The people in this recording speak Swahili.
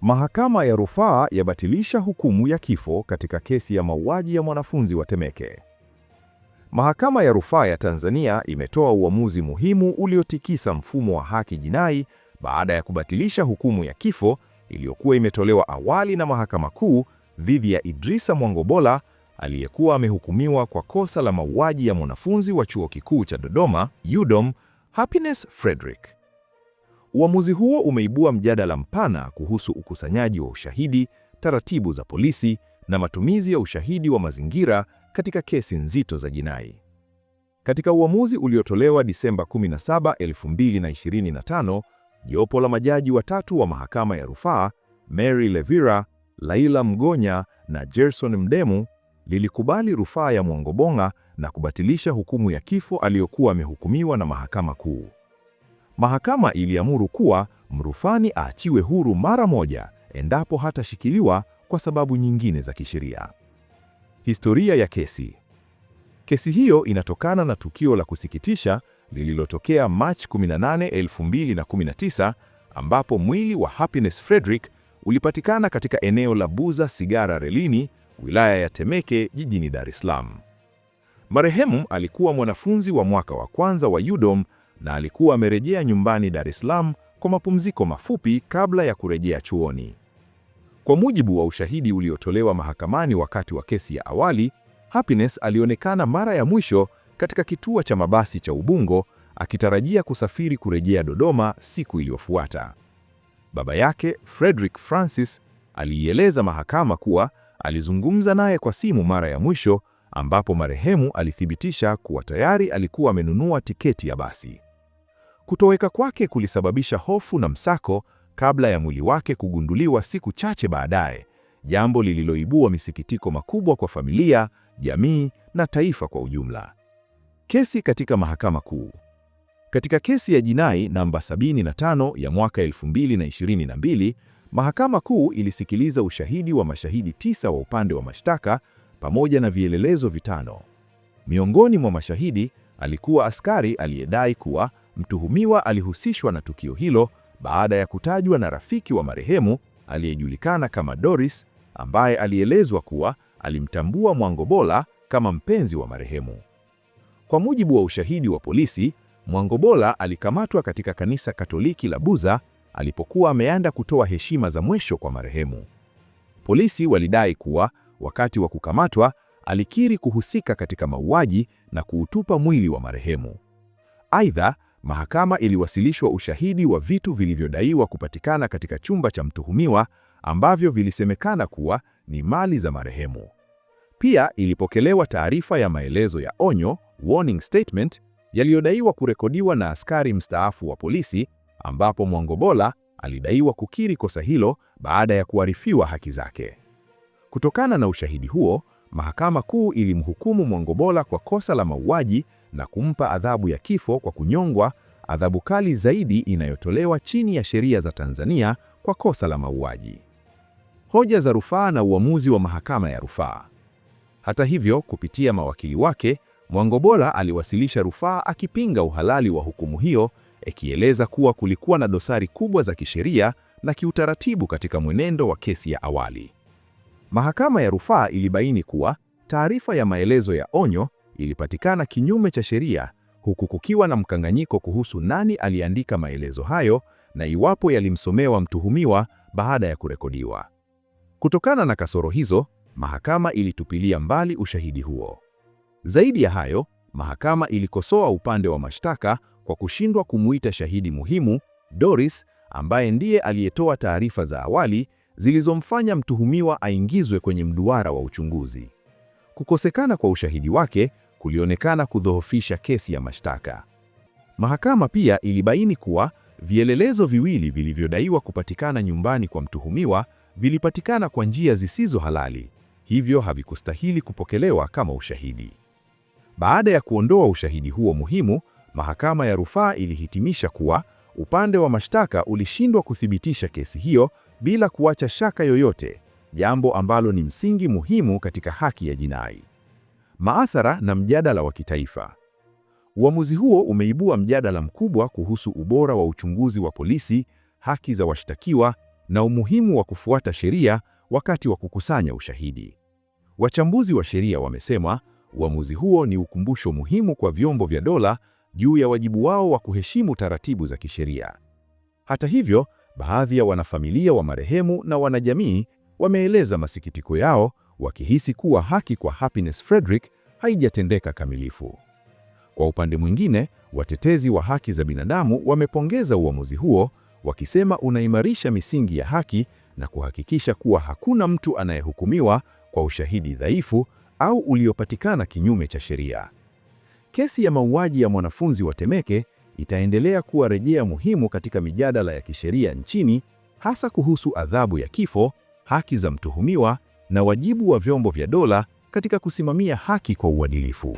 Mahakama ya Rufaa yabatilisha hukumu ya kifo katika kesi ya mauaji ya mwanafunzi wa Temeke. Mahakama ya Rufaa ya Tanzania imetoa uamuzi muhimu uliotikisa mfumo wa haki jinai baada ya kubatilisha hukumu ya kifo iliyokuwa imetolewa awali na Mahakama Kuu dhidi ya Idrisa Mwangobola aliyekuwa amehukumiwa kwa kosa la mauaji ya mwanafunzi wa Chuo Kikuu cha Dodoma, UDOM, Happiness Frederick. Uamuzi huo umeibua mjadala mpana kuhusu ukusanyaji wa ushahidi, taratibu za polisi na matumizi ya ushahidi wa mazingira katika kesi nzito za jinai. Katika uamuzi uliotolewa Disemba 17, 2025, jopo la majaji watatu wa mahakama ya rufaa, Mary Levira, Laila Mgonya na Gerson Mdemu, lilikubali rufaa ya Mwangobonga na kubatilisha hukumu ya kifo aliyokuwa amehukumiwa na mahakama kuu. Mahakama iliamuru kuwa mrufani aachiwe huru mara moja endapo hatashikiliwa kwa sababu nyingine za kisheria. Historia ya kesi. Kesi hiyo inatokana na tukio la kusikitisha lililotokea Machi 18, 2019 ambapo mwili wa Happiness Frederick ulipatikana katika eneo la Buza Sigara Relini, wilaya ya Temeke jijini Dar es Salaam. Marehemu alikuwa mwanafunzi wa mwaka wa kwanza wa UDOM na alikuwa amerejea nyumbani Dar es Salaam kwa mapumziko mafupi kabla ya kurejea chuoni. Kwa mujibu wa ushahidi uliotolewa mahakamani wakati wa kesi ya awali, Happiness alionekana mara ya mwisho katika kituo cha mabasi cha Ubungo akitarajia kusafiri kurejea Dodoma siku iliyofuata. Baba yake, Frederick Francis, aliieleza mahakama kuwa alizungumza naye kwa simu mara ya mwisho ambapo marehemu alithibitisha kuwa tayari alikuwa amenunua tiketi ya basi. Kutoweka kwake kulisababisha hofu na msako kabla ya mwili wake kugunduliwa siku chache baadaye, jambo lililoibua misikitiko makubwa kwa familia, jamii na taifa kwa ujumla. Kesi katika Mahakama Kuu. Katika kesi ya jinai namba 75 ya mwaka 2022, Mahakama Kuu ilisikiliza ushahidi wa mashahidi tisa wa upande wa mashtaka pamoja na vielelezo vitano. Miongoni mwa mashahidi alikuwa askari aliyedai kuwa Mtuhumiwa alihusishwa na tukio hilo baada ya kutajwa na rafiki wa marehemu aliyejulikana kama Doris, ambaye alielezwa kuwa alimtambua Mwangobola kama mpenzi wa marehemu. Kwa mujibu wa ushahidi wa polisi, Mwangobola alikamatwa katika kanisa Katoliki la Buza alipokuwa ameanda kutoa heshima za mwisho kwa marehemu. Polisi walidai kuwa wakati wa kukamatwa alikiri kuhusika katika mauaji na kuutupa mwili wa marehemu. Aidha, mahakama iliwasilishwa ushahidi wa vitu vilivyodaiwa kupatikana katika chumba cha mtuhumiwa ambavyo vilisemekana kuwa ni mali za marehemu. Pia ilipokelewa taarifa ya maelezo ya onyo, warning statement, yaliyodaiwa kurekodiwa na askari mstaafu wa polisi, ambapo Mwangobola alidaiwa kukiri kosa hilo baada ya kuarifiwa haki zake. Kutokana na ushahidi huo, Mahakama Kuu ilimhukumu Mwangobola kwa kosa la mauaji na kumpa adhabu ya kifo kwa kunyongwa, adhabu kali zaidi inayotolewa chini ya sheria za Tanzania kwa kosa la mauaji. Hoja za rufaa na uamuzi wa mahakama ya rufaa. Hata hivyo, kupitia mawakili wake, Mwangobola aliwasilisha rufaa akipinga uhalali wa hukumu hiyo, ikieleza kuwa kulikuwa na dosari kubwa za kisheria na kiutaratibu katika mwenendo wa kesi ya awali. Mahakama ya Rufaa ilibaini kuwa taarifa ya maelezo ya onyo ilipatikana kinyume cha sheria, huku kukiwa na mkanganyiko kuhusu nani aliandika maelezo hayo na iwapo yalimsomewa mtuhumiwa baada ya kurekodiwa. Kutokana na kasoro hizo, mahakama ilitupilia mbali ushahidi huo. Zaidi ya hayo, mahakama ilikosoa upande wa mashtaka kwa kushindwa kumuita shahidi muhimu Doris ambaye ndiye aliyetoa taarifa za awali zilizomfanya mtuhumiwa aingizwe kwenye mduara wa uchunguzi. Kukosekana kwa ushahidi wake kulionekana kudhoofisha kesi ya mashtaka. Mahakama pia ilibaini kuwa vielelezo viwili vilivyodaiwa kupatikana nyumbani kwa mtuhumiwa vilipatikana kwa njia zisizo halali, hivyo havikustahili kupokelewa kama ushahidi. Baada ya kuondoa ushahidi huo muhimu, mahakama ya rufaa ilihitimisha kuwa Upande wa mashtaka ulishindwa kuthibitisha kesi hiyo bila kuacha shaka yoyote, jambo ambalo ni msingi muhimu katika haki ya jinai. Maathara na mjadala wa kitaifa. Uamuzi huo umeibua mjadala mkubwa kuhusu ubora wa uchunguzi wa polisi, haki za washtakiwa na umuhimu wa kufuata sheria wakati wa kukusanya ushahidi. Wachambuzi wa sheria wamesema uamuzi huo ni ukumbusho muhimu kwa vyombo vya dola juu ya wajibu wao wa kuheshimu taratibu za kisheria. Hata hivyo, baadhi ya wanafamilia wa marehemu na wanajamii wameeleza masikitiko yao, wakihisi kuwa haki kwa Happiness Fredrick haijatendeka kamilifu. Kwa upande mwingine, watetezi wa haki za binadamu wamepongeza uamuzi huo, wakisema unaimarisha misingi ya haki na kuhakikisha kuwa hakuna mtu anayehukumiwa kwa ushahidi dhaifu au uliopatikana kinyume cha sheria. Kesi ya mauaji ya mwanafunzi wa Temeke itaendelea kuwa rejea muhimu katika mijadala ya kisheria nchini, hasa kuhusu adhabu ya kifo, haki za mtuhumiwa na wajibu wa vyombo vya dola katika kusimamia haki kwa uadilifu.